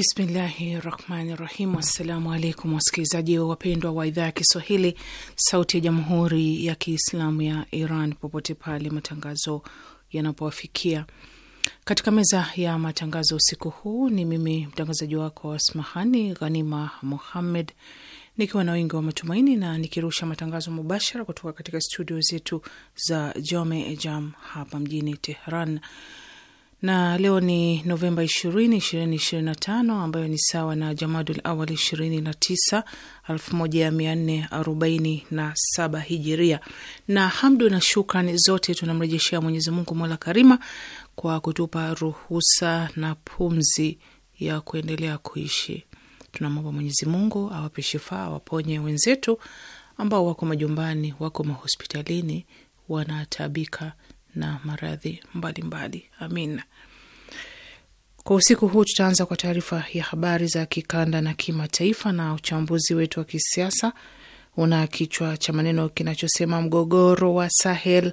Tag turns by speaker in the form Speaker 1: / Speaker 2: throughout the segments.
Speaker 1: Bismillahi rahmani rahim. Assalamu alaikum wasikilizaji wapendwa wa idhaa ya Kiswahili sauti ya jamhuri ya Kiislamu ya Iran popote pale matangazo yanapowafikia. Katika meza ya matangazo usiku huu ni mimi mtangazaji wako Asmahani Ghanima Muhammed nikiwa na wingi wa matumaini na nikirusha matangazo mubashara kutoka katika studio zetu za Jome Jam hapa mjini Tehran na leo ni Novemba 20, 2025 ambayo ni sawa na Jamadul Awal 29, 1447 Hijiria. Na hamdu na shukran zote tunamrejeshea Mwenyezi Mungu mola karima kwa kutupa ruhusa na pumzi ya kuendelea kuishi. Tunamwomba Mwenyezi Mungu awape shifaa, awaponye wenzetu ambao wako majumbani, wako mahospitalini, wanatabika na maradhi mbalimbali. Amina. Kwa usiku huu tutaanza kwa taarifa ya habari za kikanda na kimataifa, na uchambuzi wetu wa kisiasa una kichwa cha maneno kinachosema mgogoro wa Sahel,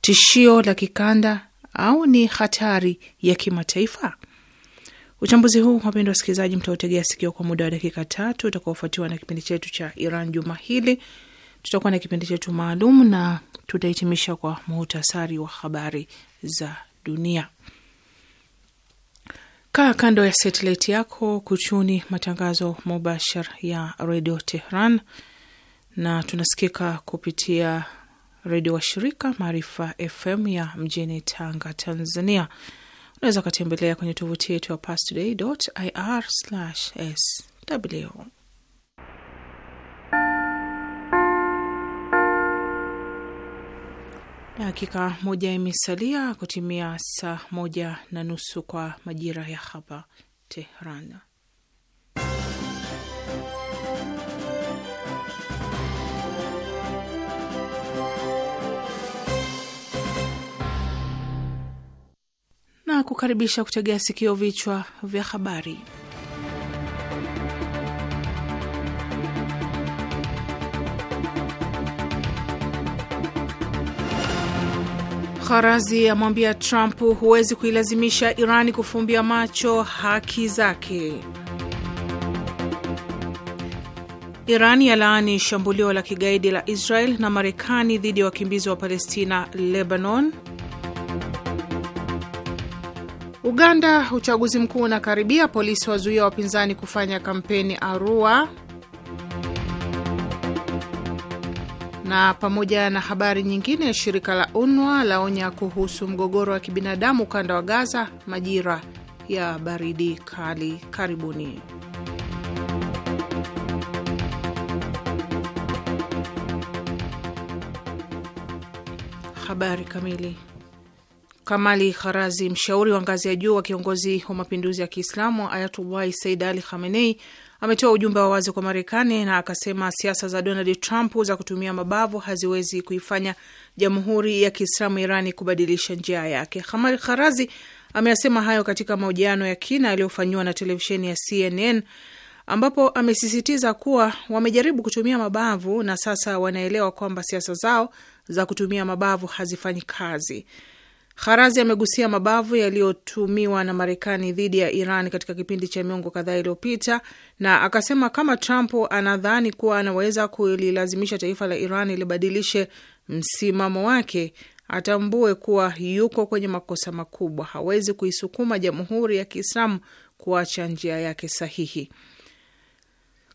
Speaker 1: tishio la kikanda au ni hatari ya kimataifa? Uchambuzi huu, wapendwa wasikilizaji, mtautegea sikio kwa muda wa dakika tatu utakaofuatiwa na kipindi chetu cha Iran juma hili tutakuwa na kipindi chetu maalum na tutahitimisha kwa muhtasari wa habari za dunia. Kaa kando ya satelaiti yako kuchuni matangazo mubashar ya redio Tehran, na tunasikika kupitia redio washirika Maarifa FM ya mjini Tanga, Tanzania. Unaweza ukatembelea kwenye tovuti yetu ya pastoday.ir/sw Dakika moja imesalia kutimia saa moja na nusu kwa majira ya hapa Tehran. Na kukaribisha kutegea sikio vichwa vya habari. karazi amwambia Trump huwezi kuilazimisha Irani kufumbia macho haki zake. Irani yalaani shambulio la kigaidi la Israel na Marekani dhidi ya wa wakimbizi wa Palestina Lebanon. Uganda, uchaguzi mkuu unakaribia, polisi wazuia wapinzani kufanya kampeni Arua. na pamoja na habari nyingine, shirika la UNWA laonya kuhusu mgogoro wa kibinadamu ukanda wa Gaza majira ya baridi kali. Karibuni. Habari kamili. Kamali Kharazi, mshauri wa ngazi ya juu wa kiongozi wa mapinduzi ya Kiislamu Ayatullahi Said Ali Khamenei, ametoa ujumbe wa wazi kwa Marekani na akasema siasa za Donald Trump za kutumia mabavu haziwezi kuifanya Jamhuri ya Kiislamu Irani kubadilisha njia yake. Hamad Kharazi ameyasema hayo katika mahojiano ya kina yaliyofanyiwa na televisheni ya CNN ambapo amesisitiza kuwa wamejaribu kutumia mabavu na sasa wanaelewa kwamba siasa zao za kutumia mabavu hazifanyi kazi. Harazi amegusia mabavu yaliyotumiwa na Marekani dhidi ya Iran katika kipindi cha miongo kadhaa iliyopita, na akasema kama Trump anadhani kuwa anaweza kulilazimisha taifa la Iran libadilishe msimamo wake, atambue kuwa yuko kwenye makosa makubwa. Hawezi kuisukuma Jamhuri ya Kiislamu kuacha njia yake sahihi.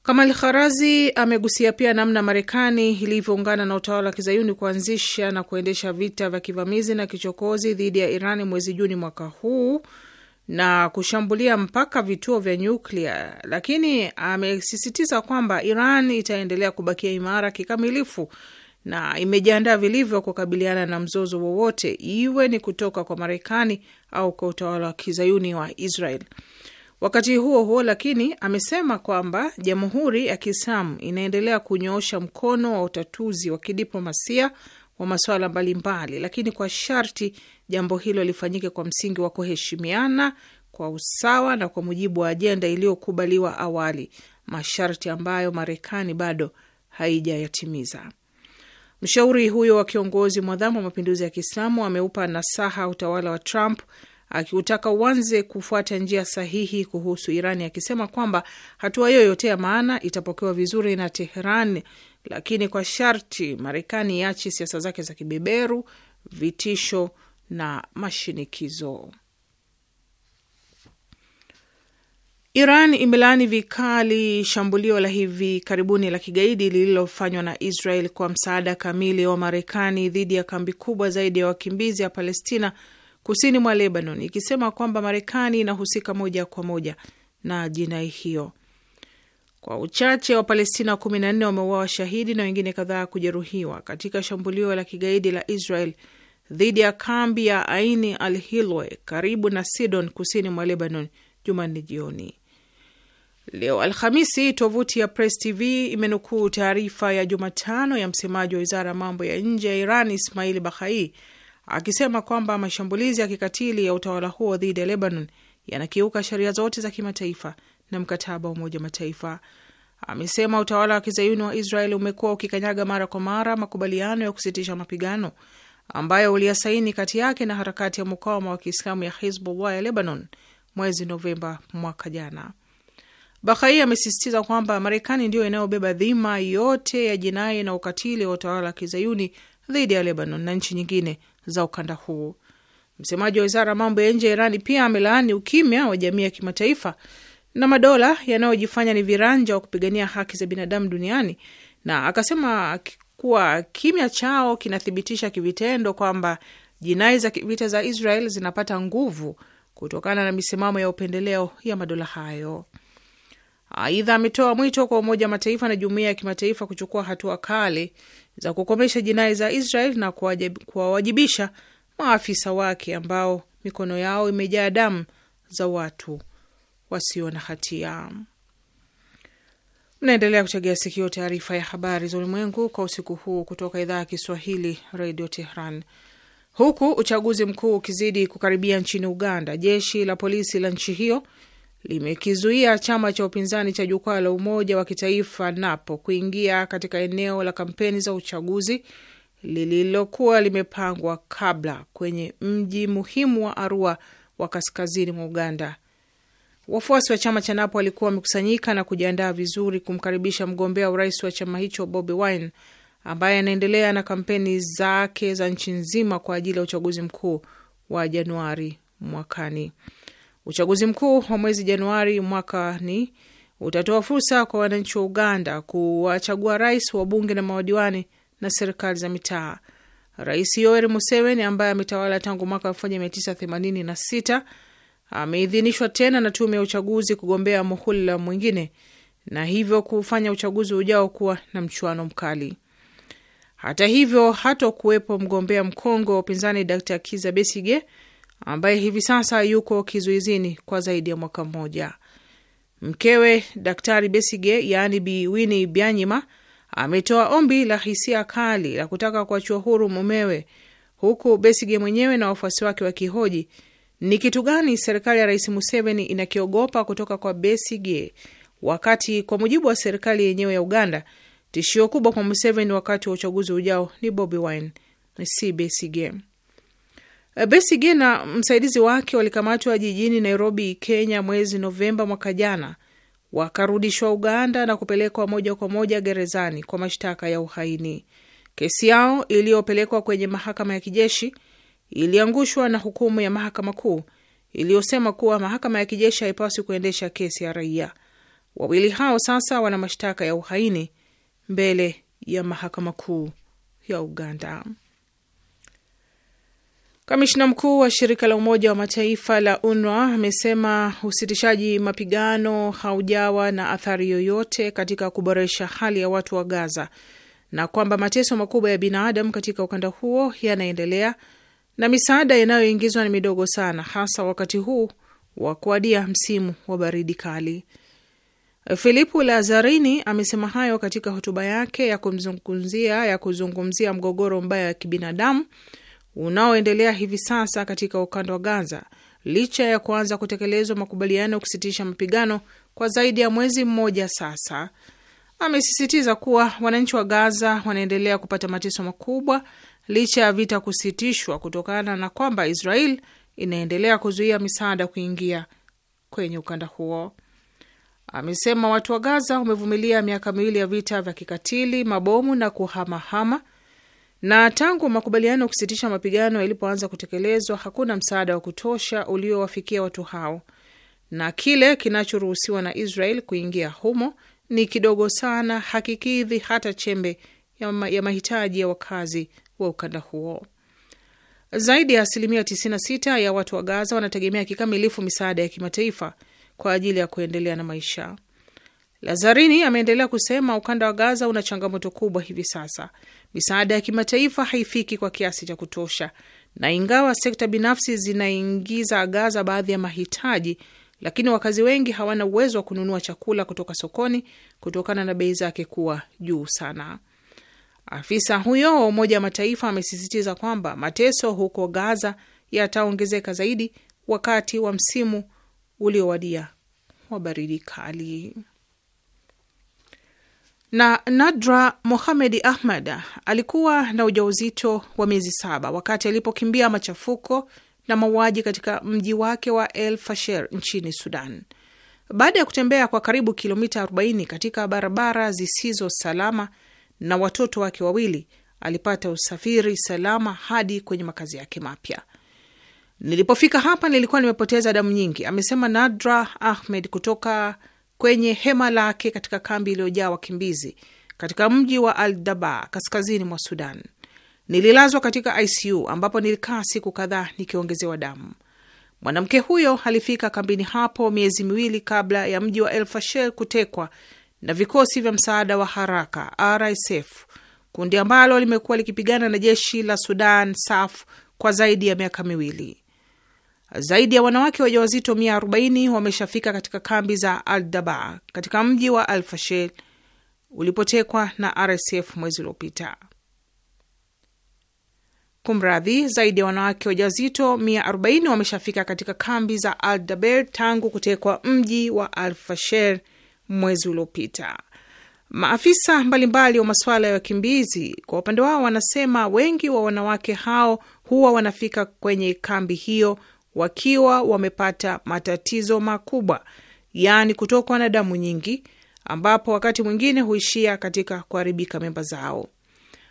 Speaker 1: Kamal Kharazi amegusia pia namna Marekani ilivyoungana na utawala wa kizayuni kuanzisha na kuendesha vita vya kivamizi na kichokozi dhidi ya Iran mwezi Juni mwaka huu na kushambulia mpaka vituo vya nyuklia, lakini amesisitiza kwamba Iran itaendelea kubakia imara kikamilifu na imejiandaa vilivyo kukabiliana na mzozo wowote, iwe ni kutoka kwa Marekani au kwa utawala wa kizayuni wa Israel. Wakati huo huo lakini, amesema kwamba Jamhuri ya Kiislamu inaendelea kunyoosha mkono wa utatuzi wa kidiplomasia wa masuala mbalimbali, lakini kwa sharti jambo hilo lifanyike kwa msingi wa kuheshimiana, kwa usawa na kwa mujibu wa ajenda iliyokubaliwa awali, masharti ambayo Marekani bado haijayatimiza. Mshauri huyo wa kiongozi mwadhamu wa mapinduzi ya Kiislamu ameupa nasaha utawala wa Trump akiutaka uanze kufuata njia sahihi kuhusu Irani, akisema kwamba hatua yoyote ya maana itapokewa vizuri na Tehran, lakini kwa sharti Marekani iachi siasa zake za kibeberu, vitisho na mashinikizo. Iran imelaani vikali shambulio la hivi karibuni la kigaidi lililofanywa na Israel kwa msaada kamili wa Marekani dhidi ya kambi kubwa zaidi ya wakimbizi ya Palestina kusini mwa Lebanon, ikisema kwamba Marekani inahusika moja kwa moja na jinai hiyo. Kwa uchache Wapalestina 14 wameuawa shahidi na wengine kadhaa kujeruhiwa katika shambulio la kigaidi la Israel dhidi ya kambi ya Aini al Hilwe karibu na Sidon, kusini mwa Lebanon, Jumanne jioni. Leo Alhamisi, tovuti ya Press TV imenukuu taarifa ya Jumatano ya msemaji wa wizara ya mambo ya nje ya Iran, Ismail Bahai, akisema kwamba mashambulizi ya kikatili ya utawala huo dhidi ya Lebanon yanakiuka sheria zote za kimataifa na mkataba wa Umoja Mataifa. Amesema utawala wa kizayuni wa Israel umekuwa ukikanyaga mara kwa mara makubaliano ya kusitisha mapigano ambayo uliyasaini kati yake na harakati ya mukawama wa kiislamu ya Hizbullah ya Lebanon mwezi Novemba mwaka jana. Bakhai amesisitiza kwamba Marekani ndiyo inayobeba dhima yote ya jinai na ukatili wa utawala wa kizayuni dhidi ya Lebanon na nchi nyingine za ukanda huo. Msemaji wa wizara ya mambo ya nje ya Irani pia amelaani ukimya wa jamii ya kimataifa na madola yanayojifanya ni viranja wa kupigania haki za binadamu duniani, na akasema kuwa kimya chao kinathibitisha kivitendo kwamba jinai za kivita za Israel zinapata nguvu kutokana na misimamo ya upendeleo ya madola hayo. Aidha, ametoa mwito kwa Umoja wa Mataifa na jumuiya ya kimataifa kuchukua hatua kali za kukomesha jinai za Israel na kuwawajibisha maafisa wake ambao mikono yao imejaa damu za watu wasio na hatia. Mnaendelea kuchagia sikio taarifa ya habari za ulimwengu kwa usiku huu kutoka idhaa ya Kiswahili Radio Tehran. Huku uchaguzi mkuu ukizidi kukaribia nchini Uganda, jeshi la polisi la nchi hiyo limekizuia chama cha upinzani cha Jukwaa la Umoja wa Kitaifa napo kuingia katika eneo la kampeni za uchaguzi lililokuwa limepangwa kabla kwenye mji muhimu wa Arua wa kaskazini mwa Uganda. Wafuasi wa chama cha Napo walikuwa wamekusanyika na kujiandaa vizuri kumkaribisha mgombea urais wa chama hicho Bobi Wine ambaye anaendelea na kampeni zake za nchi nzima kwa ajili ya uchaguzi mkuu wa Januari mwakani. Uchaguzi mkuu wa mwezi Januari ni utatoa fursa kwa wananchi wa Uganda kuwachagua rais, wabunge na mawadiwani na serikali za mitaa. Rais Yoweri Museveni ambaye ametawala tangu mwaka 1986 ameidhinishwa tena na tume ya uchaguzi kugombea muhula mwingine na hivyo kufanya uchaguzi ujao kuwa na mchuano mkali. Hata hivyo, hatokuwepo mgombea mkongwe wa upinzani Dr Kiza Besige ambaye hivi sasa yuko kizuizini kwa zaidi ya mwaka mmoja. Mkewe Daktari Besige, yaani Bi wini Byanyima, ametoa ombi la hisia kali la kutaka kuachia huru mumewe, huku Besige mwenyewe na wafuasi wake wakihoji ni kitu gani serikali ya Rais Museveni inakiogopa kutoka kwa Besige, wakati kwa mujibu wa serikali yenyewe ya Uganda, tishio kubwa kwa Museveni wakati wa uchaguzi ujao ni Bobi Wine, si Besige. Eh, Besige na msaidizi wake walikamatwa jijini Nairobi, Kenya mwezi Novemba mwaka jana, wakarudishwa Uganda na kupelekwa moja kwa moja gerezani kwa mashtaka ya uhaini. Kesi yao iliyopelekwa kwenye mahakama ya kijeshi iliangushwa na hukumu ya mahakama kuu iliyosema kuwa mahakama ya kijeshi haipaswi kuendesha kesi ya raia. Wawili hao sasa wana mashtaka ya uhaini mbele ya mahakama kuu ya Uganda. Kamishna mkuu wa shirika la Umoja wa Mataifa la UNRWA amesema usitishaji mapigano haujawa na athari yoyote katika kuboresha hali ya watu wa Gaza na kwamba mateso makubwa ya binadamu katika ukanda huo yanaendelea na misaada inayoingizwa ni midogo sana, hasa wakati huu wa kuadia msimu wa baridi kali. Filipu Lazarini amesema hayo katika hotuba yake ya kumzungumzia ya kuzungumzia mgogoro mbaya wa kibinadamu unaoendelea hivi sasa katika ukanda wa Gaza licha ya kuanza kutekelezwa makubaliano ya kusitisha mapigano kwa zaidi ya mwezi mmoja sasa. Amesisitiza kuwa wananchi wa Gaza wanaendelea kupata mateso makubwa licha ya vita kusitishwa kutokana na kwamba Israel inaendelea kuzuia misaada kuingia kwenye ukanda huo. Amesema watu wa Gaza wamevumilia miaka miwili ya vita vya kikatili, mabomu na kuhamahama na tangu makubaliano ya kusitisha mapigano yalipoanza kutekelezwa hakuna msaada wa kutosha uliowafikia watu hao, na kile kinachoruhusiwa na Israel kuingia humo ni kidogo sana, hakikidhi hata chembe ya mahitaji ya wakazi wa ukanda huo. Zaidi ya asilimia 96 ya watu wa Gaza wanategemea kikamilifu misaada ya kimataifa kwa ajili ya kuendelea na maisha. Lazarini ameendelea kusema ukanda wa Gaza una changamoto kubwa hivi sasa. Misaada ya kimataifa haifiki kwa kiasi cha kutosha, na ingawa sekta binafsi zinaingiza Gaza baadhi ya mahitaji, lakini wakazi wengi hawana uwezo wa kununua chakula kutoka sokoni kutokana na bei zake kuwa juu sana. Afisa huyo wa Umoja wa Mataifa amesisitiza kwamba mateso huko Gaza yataongezeka zaidi wakati wa msimu uliowadia wa baridi kali na Nadra Mohamedi Ahmad alikuwa na ujauzito wa miezi saba wakati alipokimbia machafuko na mauaji katika mji wake wa El Fasher nchini Sudan. Baada ya kutembea kwa karibu kilomita 40 katika barabara zisizo salama na watoto wake wawili, alipata usafiri salama hadi kwenye makazi yake mapya. Nilipofika hapa nilikuwa nimepoteza damu nyingi, amesema Nadra Ahmed kutoka kwenye hema lake katika kambi iliyojaa wakimbizi katika mji wa al daba kaskazini mwa Sudan. Nililazwa katika ICU ambapo nilikaa siku kadhaa nikiongezewa damu. Mwanamke huyo alifika kambini hapo miezi miwili kabla ya mji wa El Fasher kutekwa na vikosi vya msaada wa haraka RSF, kundi ambalo limekuwa likipigana na jeshi la Sudan SAF kwa zaidi ya miaka miwili. Zaidi ya wanawake wajawazito 140 wameshafika katika kambi za Aldaba katika mji wa Al Fashel ulipotekwa na RSF mwezi uliopita. Kumradhi, zaidi ya wanawake wajawazito 140 wameshafika katika kambi za Aldabel tangu kutekwa mji wa Al mwezi uliopita. Maafisa mbalimbali mbali wa masuala ya wakimbizi kwa upande wao wanasema wengi wa wanawake hao huwa wanafika kwenye kambi hiyo wakiwa wamepata matatizo makubwa, yaani kutokwa na damu nyingi, ambapo wakati mwingine huishia katika kuharibika mimba zao.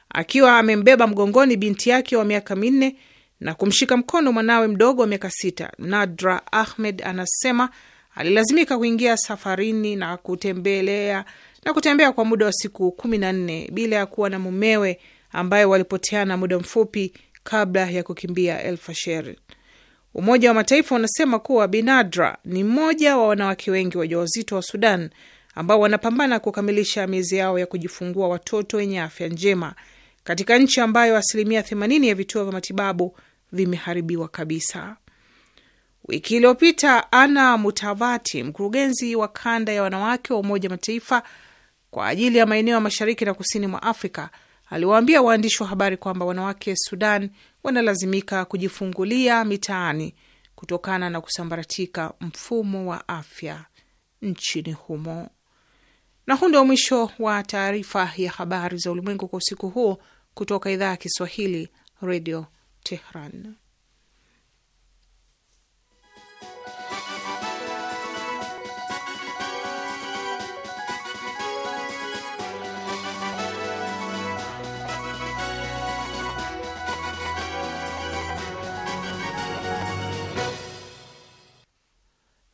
Speaker 1: Akiwa amembeba mgongoni binti yake wa miaka minne na kumshika mkono mwanawe mdogo wa miaka sita, Nadra Ahmed anasema alilazimika kuingia safarini na kutembelea na kutembea kwa muda wa siku kumi na nne bila ya kuwa na mumewe ambaye walipoteana muda mfupi kabla ya kukimbia El Umoja wa Mataifa unasema kuwa Binadra ni mmoja wa wanawake wengi wajawazito wa Sudan ambao wanapambana kukamilisha miezi yao ya kujifungua watoto wenye afya njema katika nchi ambayo asilimia 80 ya vituo vya matibabu vimeharibiwa kabisa. Wiki iliyopita Ana Mutavati, mkurugenzi wa kanda ya wanawake wa Umoja Mataifa kwa ajili ya maeneo ya mashariki na kusini mwa Afrika, aliwaambia waandishi wa habari kwamba wanawake Sudan wanalazimika kujifungulia mitaani kutokana na kusambaratika mfumo wa afya nchini humo. Na huu ndio mwisho wa taarifa ya habari za ulimwengu kwa usiku huo kutoka idhaa ya Kiswahili, Redio Tehran.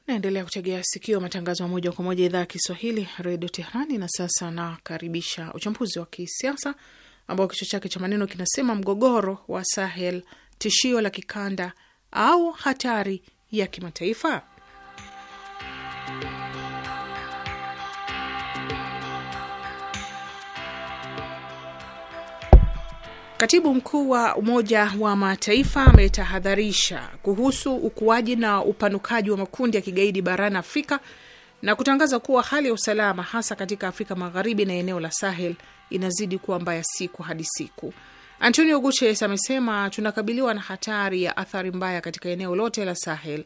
Speaker 1: Naendelea kutegea sikio matangazo ya moja kwa moja idhaa ya Kiswahili redio Tehrani. Na sasa nakaribisha uchambuzi wa kisiasa ambao kichwa chake cha maneno kinasema mgogoro wa Sahel, tishio la kikanda au hatari ya kimataifa. Katibu mkuu wa Umoja wa Mataifa ametahadharisha kuhusu ukuaji na upanukaji wa makundi ya kigaidi barani Afrika na kutangaza kuwa hali ya usalama hasa katika Afrika Magharibi na eneo la Sahel inazidi kuwa mbaya siku hadi siku. Antonio Guterres amesema tunakabiliwa na hatari ya athari mbaya katika eneo lote la Sahel.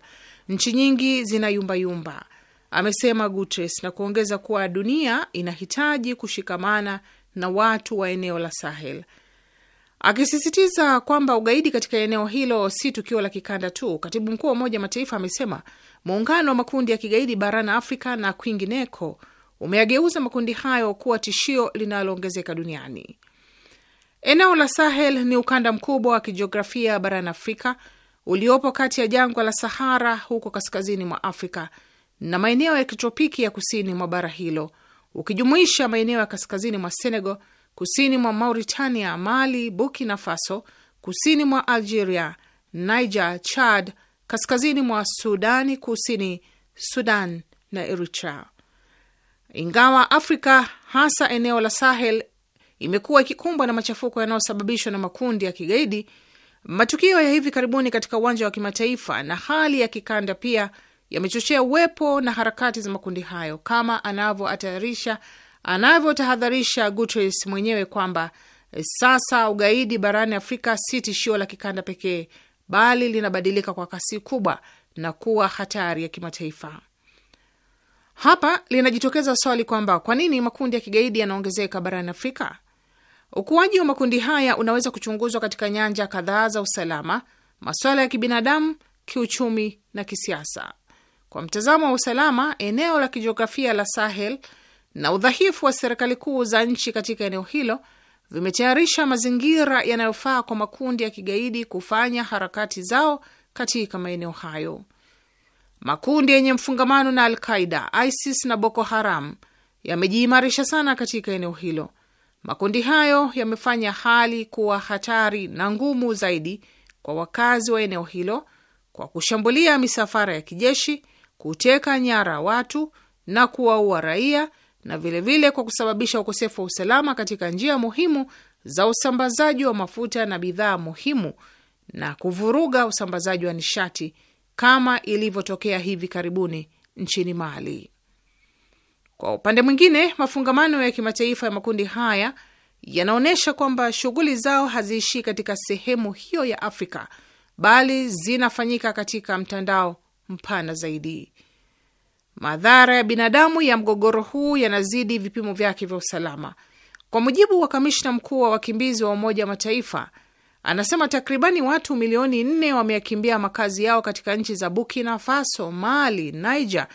Speaker 1: Nchi nyingi zina yumbayumba, amesema Guterres, na kuongeza kuwa dunia inahitaji kushikamana na watu wa eneo la Sahel. Akisisitiza kwamba ugaidi katika eneo hilo si tukio la kikanda tu, katibu mkuu wa Umoja wa Mataifa amesema muungano wa makundi ya kigaidi barani Afrika na kwingineko umeageuza makundi hayo kuwa tishio linaloongezeka duniani. Eneo la Sahel ni ukanda mkubwa wa kijiografia barani Afrika uliopo kati ya jangwa la Sahara huko kaskazini mwa Afrika na maeneo ya kitropiki ya kusini mwa bara hilo, ukijumuisha maeneo ya kaskazini mwa Senegal kusini mwa Mauritania, Mali, Burkina Faso, kusini mwa Algeria, Niger, Chad, kaskazini mwa Sudani Kusini, Sudan na Eritrea. Ingawa Afrika hasa eneo la Sahel imekuwa ikikumbwa na machafuko yanayosababishwa na makundi ya kigaidi, matukio ya hivi karibuni katika uwanja wa kimataifa na hali ya kikanda pia yamechochea uwepo na harakati za makundi hayo, kama anavyoatayarisha anavyotahadharisha Guterres mwenyewe kwamba eh, sasa ugaidi barani Afrika si tishio la kikanda pekee, bali linabadilika kwa kasi kubwa na kuwa hatari ya kimataifa. Hapa linajitokeza swali kwamba kwa nini makundi ya kigaidi yanaongezeka barani Afrika? Ukuaji wa makundi haya unaweza kuchunguzwa katika nyanja kadhaa za usalama, masuala ya kibinadamu, kiuchumi na kisiasa. Kwa mtazamo wa usalama, eneo la kijiografia la Sahel na udhaifu wa serikali kuu za nchi katika eneo hilo vimetayarisha mazingira yanayofaa kwa makundi ya kigaidi kufanya harakati zao katika maeneo hayo. Makundi yenye mfungamano na Alqaida, ISIS na Boko Haram yamejiimarisha sana katika eneo hilo. Makundi hayo yamefanya hali kuwa hatari na ngumu zaidi kwa wakazi wa eneo hilo kwa kushambulia misafara ya kijeshi, kuteka nyara watu na kuwaua raia na vilevile vile kwa kusababisha ukosefu wa usalama katika njia muhimu za usambazaji wa mafuta na bidhaa muhimu na kuvuruga usambazaji wa nishati kama ilivyotokea hivi karibuni nchini Mali. Kwa upande mwingine, mafungamano ya kimataifa ya makundi haya yanaonyesha kwamba shughuli zao haziishii katika sehemu hiyo ya Afrika bali zinafanyika katika mtandao mpana zaidi. Madhara ya binadamu ya mgogoro huu yanazidi vipimo vyake vya usalama. Kwa mujibu wa kamishna mkuu wa wakimbizi wa Umoja wa Mataifa, anasema takribani watu milioni nne wameyakimbia makazi yao katika nchi za Burkina Faso, Mali, Niger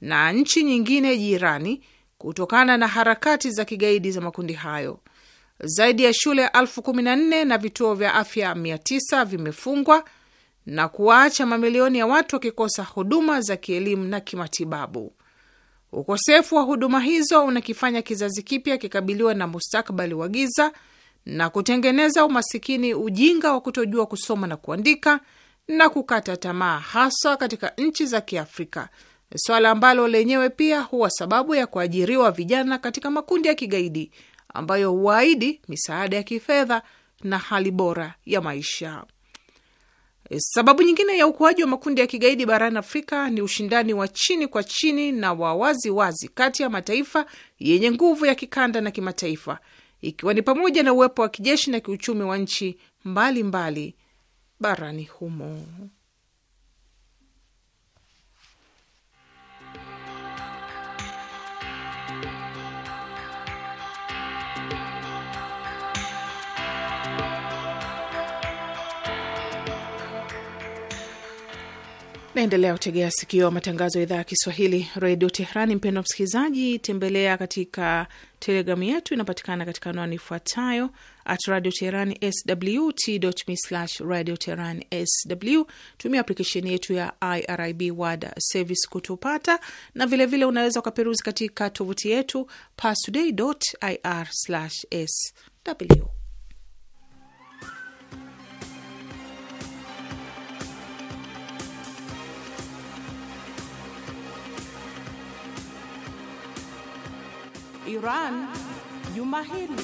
Speaker 1: na nchi nyingine jirani kutokana na harakati za kigaidi za makundi hayo. Zaidi ya shule elfu kumi na nne na vituo vya afya mia tisa vimefungwa na kuwaacha mamilioni ya watu wakikosa huduma za kielimu na kimatibabu. Ukosefu wa huduma hizo unakifanya kizazi kipya kikabiliwa na mustakabali wa giza na kutengeneza umasikini, ujinga wa kutojua kusoma na kuandika na kukata tamaa, haswa katika nchi za Kiafrika, swala ambalo lenyewe pia huwa sababu ya kuajiriwa vijana katika makundi ya kigaidi ambayo huwaahidi misaada ya kifedha na hali bora ya maisha. Eh, sababu nyingine ya ukuaji wa makundi ya kigaidi barani Afrika ni ushindani wa chini kwa chini na wa wazi wazi kati ya mataifa yenye nguvu ya kikanda na kimataifa, ikiwa ni pamoja na uwepo wa kijeshi na kiuchumi wa nchi mbalimbali mbali barani humo. Naendelea kutegea sikio matangazo ya idhaa ya Kiswahili redio Tehrani. Mpendo msikilizaji, tembelea katika telegramu yetu, inapatikana katika anwani ifuatayo at radio teherani sw t.me slash radio teherani sw. Tumia aplikesheni yetu ya IRIB wad service kutupata, na vilevile vile unaweza ukaperuzi katika tovuti yetu pastoday ir sw Iran juma hili.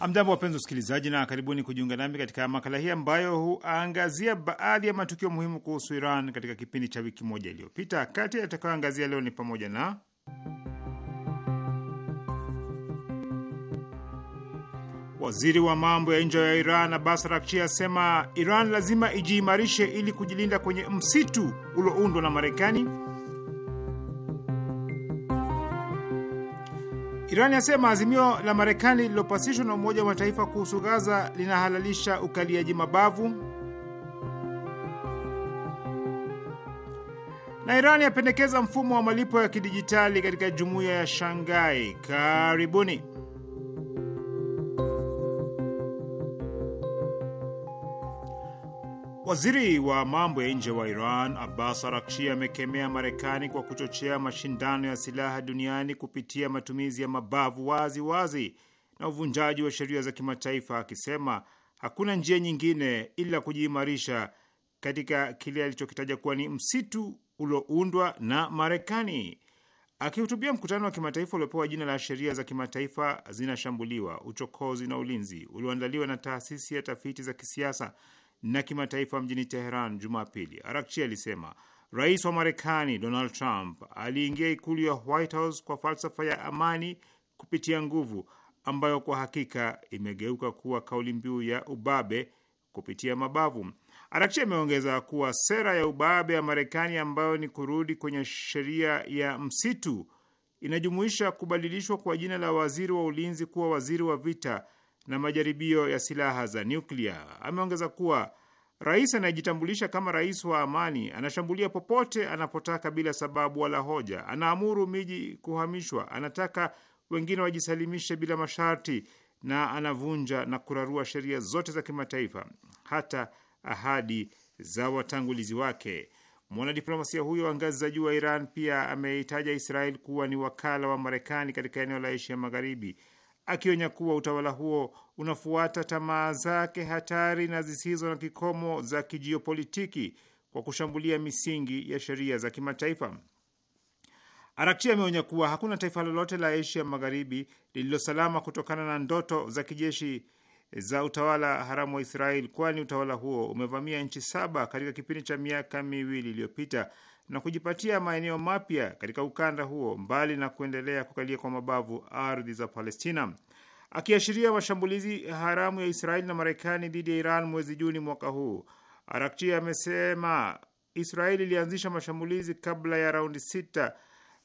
Speaker 2: Amjambo, wapenzi usikilizaji na karibuni kujiunga nami katika makala hii ambayo huangazia baadhi ya matukio muhimu kuhusu Iran katika kipindi cha wiki moja iliyopita. Kati yatakayoangazia leo ni pamoja na Waziri wa mambo ya nje ya Iran Abbas Araghchi asema Iran lazima ijiimarishe ili kujilinda kwenye msitu ulioundwa na Marekani. Iran yasema azimio la Marekani lililopasishwa na Umoja wa Mataifa kuhusu Gaza linahalalisha ukaliaji mabavu. Na Iran yapendekeza mfumo wa malipo ya kidijitali katika jumuiya ya Shanghai. Karibuni. Waziri wa mambo ya nje wa Iran Abbas Arakshi amekemea Marekani kwa kuchochea mashindano ya silaha duniani kupitia matumizi ya mabavu wazi wazi na uvunjaji wa sheria za kimataifa, akisema hakuna njia nyingine ila kujiimarisha katika kile alichokitaja kuwa ni msitu ulioundwa na Marekani. Akihutubia mkutano wa kimataifa uliopewa jina la sheria za kimataifa zinashambuliwa, uchokozi na ulinzi, ulioandaliwa na taasisi ya tafiti za kisiasa na kimataifa mjini Teheran Jumapili, Arakchi alisema rais wa Marekani Donald Trump aliingia ikulu ya White House kwa falsafa ya amani kupitia nguvu, ambayo kwa hakika imegeuka kuwa kauli mbiu ya ubabe kupitia mabavu. Arakchi ameongeza kuwa sera ya ubabe ya Marekani ambayo ni kurudi kwenye sheria ya msitu inajumuisha kubadilishwa kwa jina la waziri wa ulinzi kuwa waziri wa vita na majaribio ya silaha za nyuklia. Ameongeza kuwa rais anayejitambulisha kama rais wa amani anashambulia popote anapotaka bila sababu wala hoja, anaamuru miji kuhamishwa, anataka wengine wajisalimishe bila masharti na anavunja na kurarua sheria zote za kimataifa, hata ahadi za watangulizi wake. Mwanadiplomasia huyo wa ngazi za juu wa Iran pia ameitaja Israel kuwa ni wakala wa Marekani katika eneo la Asia Magharibi akionya kuwa utawala huo unafuata tamaa zake hatari na zisizo na kikomo za kijiopolitiki kwa kushambulia misingi ya sheria za kimataifa. Arakchi ameonya kuwa hakuna taifa lolote la Asia Magharibi lililosalama kutokana na ndoto za kijeshi za utawala haramu wa Israeli, kwani utawala huo umevamia nchi saba katika kipindi cha miaka miwili iliyopita na kujipatia maeneo mapya katika ukanda huo, mbali na kuendelea kukalia kwa mabavu ardhi za Palestina. Akiashiria mashambulizi haramu ya Israeli na Marekani dhidi ya Iran mwezi Juni mwaka huu, Arakchi amesema Israeli ilianzisha mashambulizi kabla ya raundi sita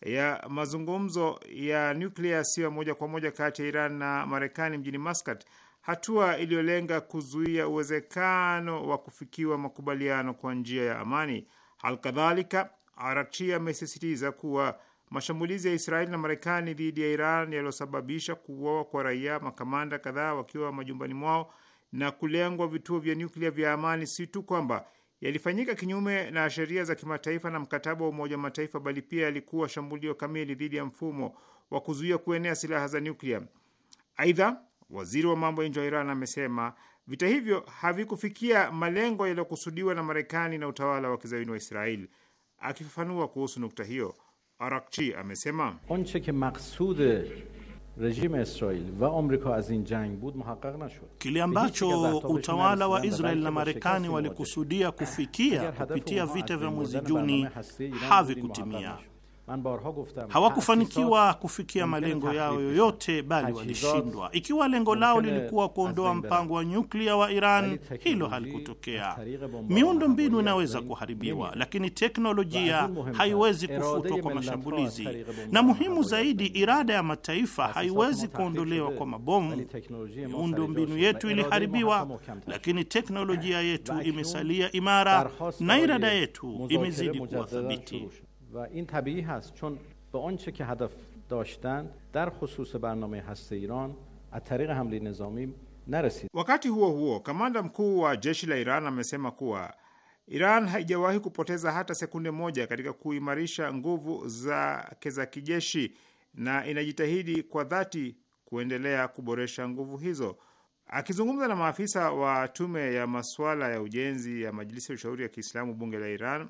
Speaker 2: ya mazungumzo ya nyuklia yasiyo ya moja kwa moja kati ya Iran na Marekani mjini Muscat, hatua iliyolenga kuzuia uwezekano wa kufikiwa makubaliano kwa njia ya amani. Alkadhalika, Arakchi amesisitiza kuwa mashambulizi ya Israeli na Marekani dhidi ya Iran yaliyosababisha kuuawa kwa raia, makamanda kadhaa wakiwa majumbani mwao na kulengwa vituo vya nyuklia vya amani, si tu kwamba yalifanyika kinyume na sheria za kimataifa na mkataba wa Umoja wa Mataifa, bali pia yalikuwa shambulio kamili dhidi ya mfumo wa kuzuia kuenea silaha za nyuklia. Aidha, waziri wa mambo ya nje wa Iran amesema Vita hivyo havikufikia malengo yaliyokusudiwa na Marekani na utawala wa kizayuni wa Israel. Akifafanua kuhusu nukta hiyo, Arakchi amesema
Speaker 3: kile ambacho utawala wa Israel na Marekani walikusudia kufikia kupitia vita vya mwezi Juni havikutimia. Hawakufanikiwa kufikia malengo yao yoyote, bali walishindwa. Ikiwa lengo lao lilikuwa kuondoa mpango wa nyuklia wa Iran, hilo halikutokea. Miundo mbinu inaweza kuharibiwa, lakini teknolojia haiwezi kufutwa kwa mashambulizi, na muhimu zaidi, irada ya mataifa haiwezi kuondolewa kwa mabomu. Miundo mbinu yetu iliharibiwa, lakini teknolojia yetu imesalia imara na irada yetu imezidi kuwa thabiti. و این طبیعی
Speaker 2: هست چون به آنچه که هدف داشتن در خصوص برنامه هسته ایران از طریق حمله نظامی نرسید. وقتی huo huo, kamanda mkuu wa jeshi la Iran amesema kuwa Iran haijawahi kupoteza hata sekunde moja katika kuimarisha nguvu zake za kijeshi na inajitahidi kwa dhati kuendelea kuboresha nguvu hizo. Akizungumza na maafisa wa tume ya masuala ya ujenzi ya Majlisi ya Ushauri ya Kiislamu bunge la Iran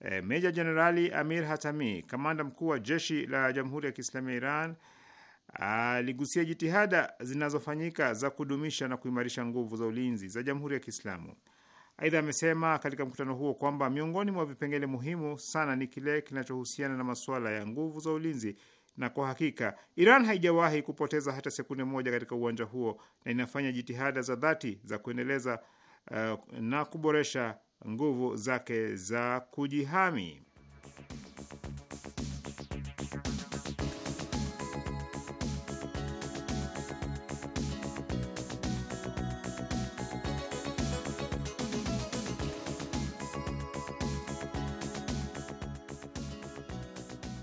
Speaker 2: e, Meja Jenerali Amir Hatami, kamanda mkuu wa jeshi la Jamhuri ya Kiislamu ya Iran, aligusia jitihada zinazofanyika za kudumisha na kuimarisha nguvu za ulinzi za Jamhuri ya Kiislamu. Aidha, amesema katika mkutano huo kwamba miongoni mwa vipengele muhimu sana ni kile kinachohusiana na masuala ya nguvu za ulinzi, na kwa hakika Iran haijawahi kupoteza hata sekunde moja katika uwanja huo na inafanya jitihada za dhati za kuendeleza uh, na kuboresha nguvu zake za kujihami.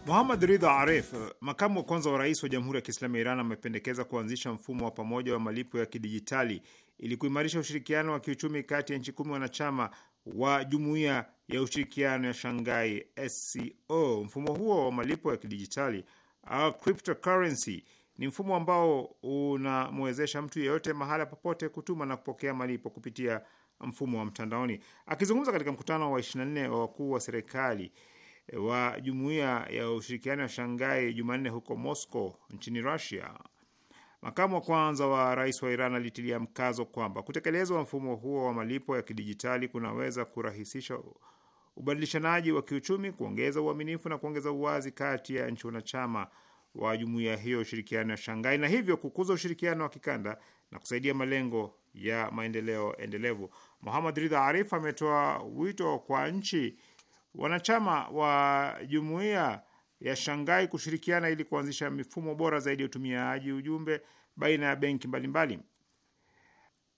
Speaker 2: Muhamad Ridha Arif, makamu wa kwanza wa rais wa Jamhuri ya Kiislamu ya Iran, amependekeza kuanzisha mfumo wa pamoja wa malipo ya kidijitali ili kuimarisha ushirikiano wa kiuchumi kati ya nchi kumi wanachama wa Jumuiya ya Ushirikiano ya Shanghai SCO. Mfumo huo wa malipo ya kidijitali au cryptocurrency ni mfumo ambao unamwezesha mtu yeyote mahala popote kutuma na kupokea malipo kupitia mfumo wa mtandaoni. Akizungumza katika mkutano wa 24 wa wakuu wa serikali wa Jumuiya ya Ushirikiano ya Shanghai Jumanne huko Moscow nchini Russia, Makamu wa kwanza wa rais wa Iran alitilia mkazo kwamba kutekelezwa mfumo huo wa malipo ya kidijitali kunaweza kurahisisha ubadilishanaji wa kiuchumi, kuongeza uaminifu na kuongeza uwazi kati ya nchi wanachama wa jumuiya hiyo ushirikiano ya shangai na hivyo kukuza ushirikiano wa kikanda na kusaidia malengo ya maendeleo endelevu. Muhamad Ridha Arif ametoa wito kwa nchi wanachama wa jumuiya ya Shanghai kushirikiana ili kuanzisha mifumo bora zaidi ya utumiaji ujumbe baina ya benki mbalimbali.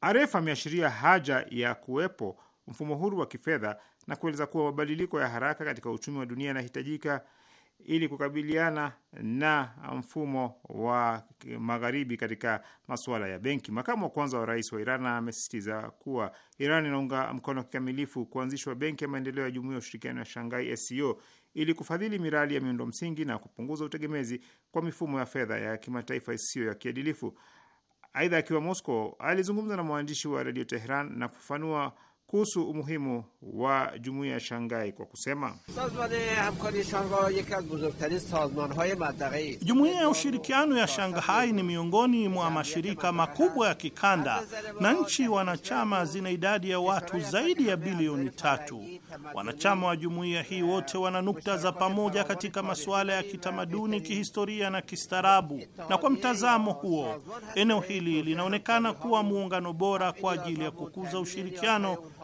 Speaker 2: Aref ameashiria haja ya kuwepo mfumo huru wa kifedha na kueleza kuwa mabadiliko ya haraka katika uchumi wa dunia yanahitajika ili kukabiliana na mfumo wa magharibi katika masuala ya benki. Makamu wa kwanza wa rais wa Iran amesisitiza kuwa Iran inaunga mkono kikamilifu kuanzishwa benki ya maendeleo ya jumuiya ya ushirikiano ya Shanghai SCO e ili kufadhili miradi ya miundo msingi na kupunguza utegemezi kwa mifumo ya fedha ya kimataifa isiyo ya kiadilifu. Aidha, akiwa Moscow alizungumza na mwandishi wa redio Teheran na kufafanua kuhusu umuhimu wa jumuiya ya Shangai kwa kusema
Speaker 3: jumuiya ya ushirikiano ya Shanghai ni miongoni mwa mashirika makubwa ya kikanda, na nchi wanachama zina idadi ya watu zaidi ya bilioni tatu. Wanachama wa jumuiya hii wote wana nukta za pamoja katika masuala ya kitamaduni, kihistoria na kistaarabu, na kwa mtazamo huo eneo hili linaonekana kuwa muungano bora kwa ajili ya kukuza ushirikiano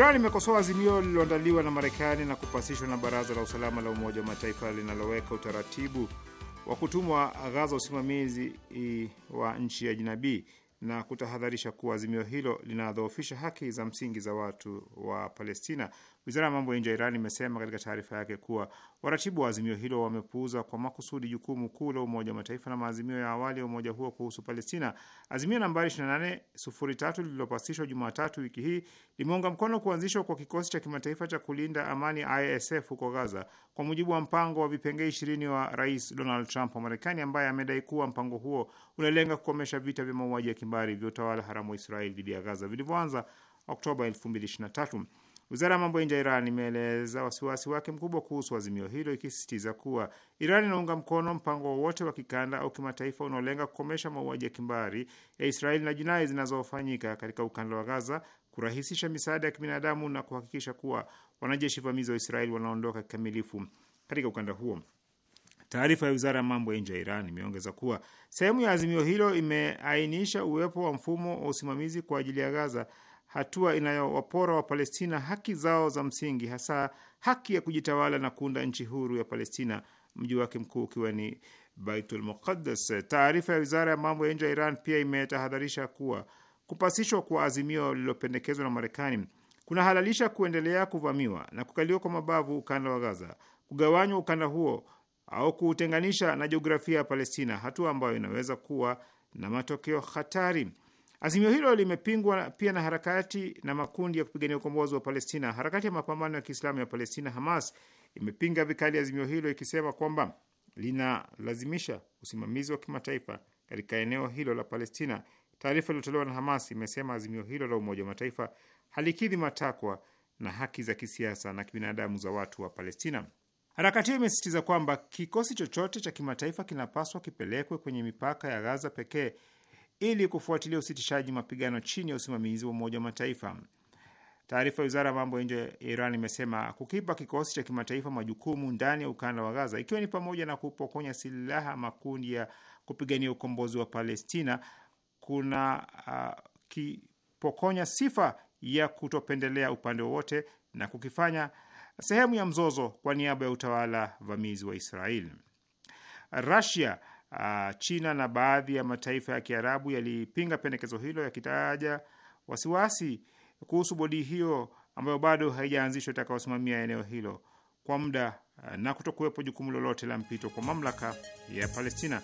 Speaker 2: Iran imekosoa azimio lililoandaliwa na Marekani na kupasishwa na Baraza la Usalama la Umoja wa Mataifa linaloweka utaratibu wa kutumwa Gaza usimamizi wa nchi ya jinabii na kutahadharisha kuwa azimio hilo linadhoofisha haki za msingi za watu wa Palestina. Wizara ya mambo ya nje ya Iran imesema katika taarifa yake kuwa waratibu wa azimio hilo wamepuuza kwa makusudi jukumu kuu la Umoja wa Mataifa na maazimio ya awali ya umoja huo kuhusu Palestina. Azimio nambari 2803 lililopasishwa Jumatatu wiki hii limeunga mkono kuanzishwa kwa kikosi cha kimataifa cha kulinda amani ISF huko Gaza kwa mujibu wa mpango wa vipengee ishirini wa Rais Donald Trump wa Marekani, ambaye amedai kuwa mpango huo unalenga kukomesha vita vya mauaji ya kimbari vya utawala haramu wa Israeli dhidi ya Gaza vilivyoanza Oktoba 2023. Wizara ya mambo ya nje ya Iran imeeleza wasiwasi wake mkubwa kuhusu azimio hilo, ikisisitiza kuwa Iran inaunga mkono mpango wowote wa kikanda au kimataifa unaolenga kukomesha mauaji ya kimbari ya Israeli na jinai zinazofanyika katika ukanda wa Gaza, kurahisisha misaada ya kibinadamu na kuhakikisha kuwa wanajeshi vamizi wa Israeli wanaondoka kikamilifu katika ukanda huo. Taarifa ya wizara ya mambo ya nje ya Iran imeongeza kuwa sehemu ya azimio hilo imeainisha uwepo wa mfumo wa usimamizi kwa ajili ya Gaza hatua inayowapora Wapalestina haki zao za msingi, hasa haki ya kujitawala na kuunda nchi huru ya Palestina, mji wake mkuu ukiwa ni Baitul Muqaddas. Taarifa ya wizara ya mambo ya nje ya Iran pia imetahadharisha kuwa kupasishwa kwa azimio lililopendekezwa na Marekani kunahalalisha kuendelea kuvamiwa na kukaliwa kwa mabavu ukanda wa Gaza, kugawanywa ukanda huo au kuutenganisha na jiografia ya Palestina, hatua ambayo inaweza kuwa na matokeo hatari. Azimio hilo limepingwa pia na harakati na makundi ya kupigania ukombozi wa Palestina. Harakati ya mapambano ya Kiislamu ya Palestina, Hamas, imepinga vikali azimio hilo ikisema kwamba linalazimisha usimamizi wa kimataifa katika eneo hilo la Palestina. Taarifa iliyotolewa na Hamas imesema azimio hilo la Umoja wa Mataifa halikidhi matakwa na haki za kisiasa na kibinadamu za watu wa Palestina. Harakati hiyo imesisitiza kwamba kikosi chochote cha kimataifa kinapaswa kipelekwe kwenye mipaka ya Gaza pekee ili kufuatilia usitishaji mapigano chini ya usimamizi wa Umoja wa Mataifa. Taarifa ya wizara ya mambo ya nje ya Iran imesema kukipa kikosi cha kimataifa majukumu ndani ya ukanda wa Gaza, ikiwa ni pamoja na kupokonya silaha makundi ya kupigania ukombozi wa Palestina, kuna uh, kipokonya sifa ya kutopendelea upande wowote na kukifanya sehemu ya mzozo kwa niaba ya utawala vamizi wa Israeli. Russia Ah, China na baadhi ya mataifa ya Kiarabu yalipinga pendekezo hilo yakitaja wasiwasi kuhusu bodi hiyo ambayo bado haijaanzishwa itakayosimamia eneo hilo kwa muda ah, na kutokuwepo jukumu lolote la mpito kwa mamlaka ya Palestina.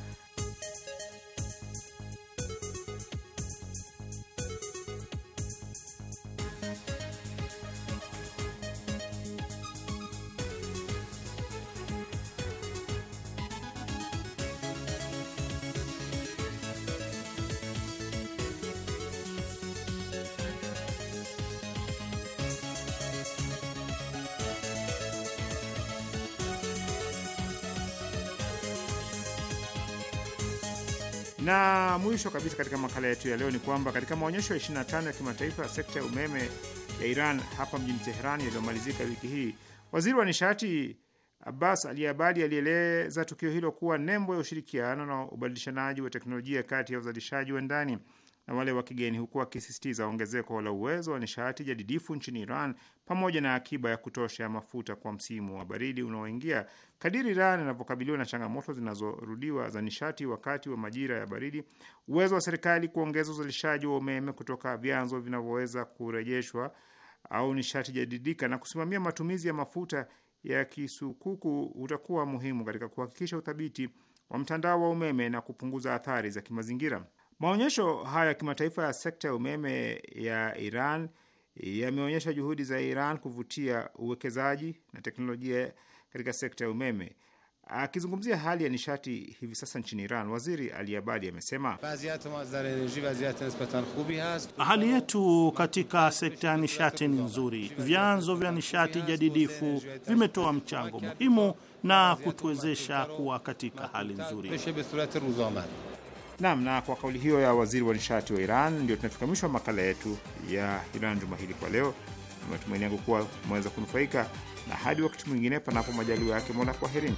Speaker 2: Na mwisho kabisa katika makala yetu ya leo ni kwamba katika maonyesho ya 25 ya kimataifa ya sekta ya umeme ya Iran hapa mjini Teheran yaliyomalizika wiki hii, waziri wa nishati Abbas Ali Abadi alieleza tukio hilo kuwa nembo ya ushirikiano na ubadilishanaji wa teknolojia kati ya uzalishaji wa ndani na wale wa kigeni, huku akisisitiza ongezeko la uwezo wa nishati jadidifu nchini Iran pamoja na akiba ya kutosha ya mafuta kwa msimu wa baridi unaoingia. Kadiri Iran inavyokabiliwa na changamoto zinazorudiwa za nishati wakati wa majira ya baridi, uwezo wa serikali kuongeza uzalishaji wa umeme kutoka vyanzo vinavyoweza kurejeshwa au nishati jadidika na kusimamia matumizi ya mafuta ya kisukuku utakuwa muhimu katika kuhakikisha uthabiti wa mtandao wa umeme na kupunguza athari za kimazingira. Maonyesho haya ya kimataifa ya sekta ya umeme ya Iran yameonyesha juhudi za Iran kuvutia uwekezaji na teknolojia katika sekta ya umeme. Akizungumzia hali ya nishati hivi
Speaker 3: sasa nchini Iran, waziri Ali Abadi amesema hali yetu katika sekta ya nishati ni nzuri. Vyanzo vya nishati jadidifu vimetoa mchango muhimu na kutuwezesha kuwa katika hali nzuri.
Speaker 2: Nam, na kwa kauli hiyo ya waziri wa nishati wa Iran ndio tunafika mwisho wa makala yetu ya Iran juma hili kwa leo. Matumaini yangu kuwa umeweza kunufaika, na hadi wakati mwingine, panapo majaliwa yake Mola, kwaherini.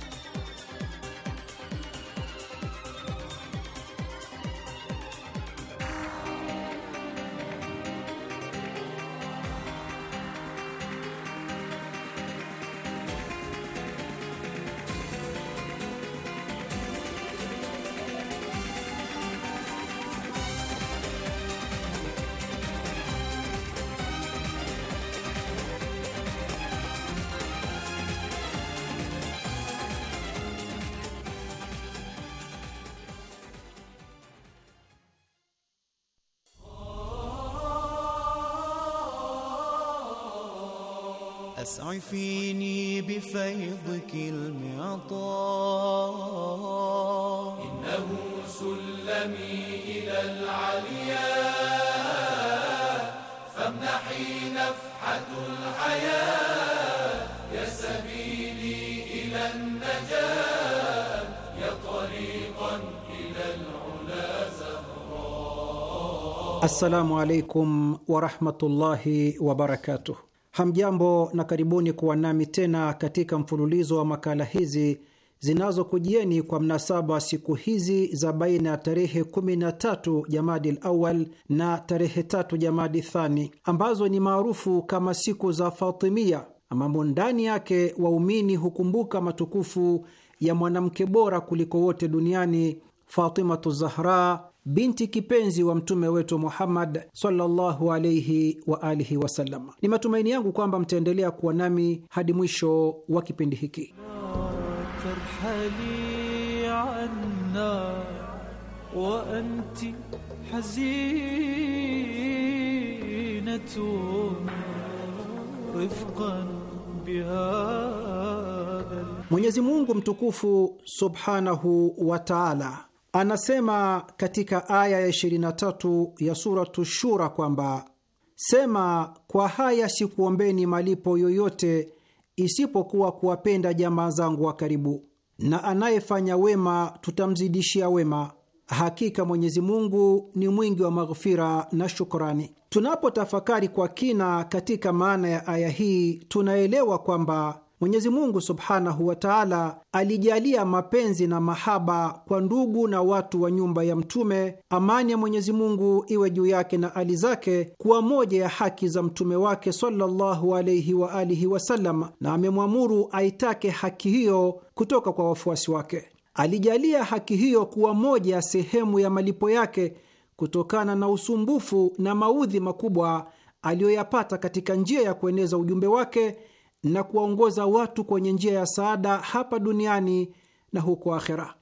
Speaker 4: Assalamu alaikum warahmatullahi wabarakatuh. Hamjambo na karibuni kuwa nami tena katika mfululizo wa makala hizi zinazokujieni kwa mnasaba wa siku hizi za baina ya tarehe 13 Jamadil Awal na tarehe tatu Jamadi Thani ambazo ni maarufu kama siku za Fatimia, ambamo ndani yake waumini hukumbuka matukufu ya mwanamke bora kuliko wote duniani Fatimatu Zahra binti kipenzi wa mtume wetu Muhammad sallallahu alaihi wa alihi wasallam. Ni matumaini yangu kwamba mtaendelea kuwa nami hadi mwisho wa kipindi hiki. Mwenyezi Mungu mtukufu subhanahu wa taala Anasema katika aya ya 23 ya Suratu Shura kwamba sema, kwa haya sikuombeni malipo yoyote isipokuwa kuwapenda jamaa zangu wa karibu, na anayefanya wema tutamzidishia wema. Hakika Mwenyezi Mungu ni mwingi wa maghfira na shukrani. Tunapotafakari kwa kina katika maana ya aya hii, tunaelewa kwamba Mwenyezi Mungu subhanahu wa taala alijalia mapenzi na mahaba kwa ndugu na watu wa nyumba ya Mtume, amani ya Mwenyezi Mungu iwe juu yake na ali zake, kuwa moja ya haki za mtume wake sallallahu alaihi wa alihi wasallam, na amemwamuru aitake haki hiyo kutoka kwa wafuasi wake. Alijalia haki hiyo kuwa moja ya sehemu ya malipo yake kutokana na usumbufu na maudhi makubwa aliyoyapata katika njia ya kueneza ujumbe wake na kuwaongoza watu kwenye njia ya saada hapa duniani na huko akhera.